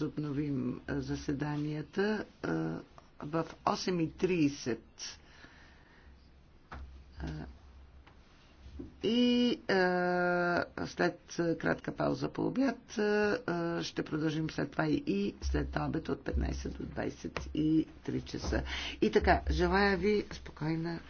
възобновим заседанията в 8.30. И след кратка пауза по обяд ще продължим след това и след обед от 15 до 23 часа. И така, желая ви спокойна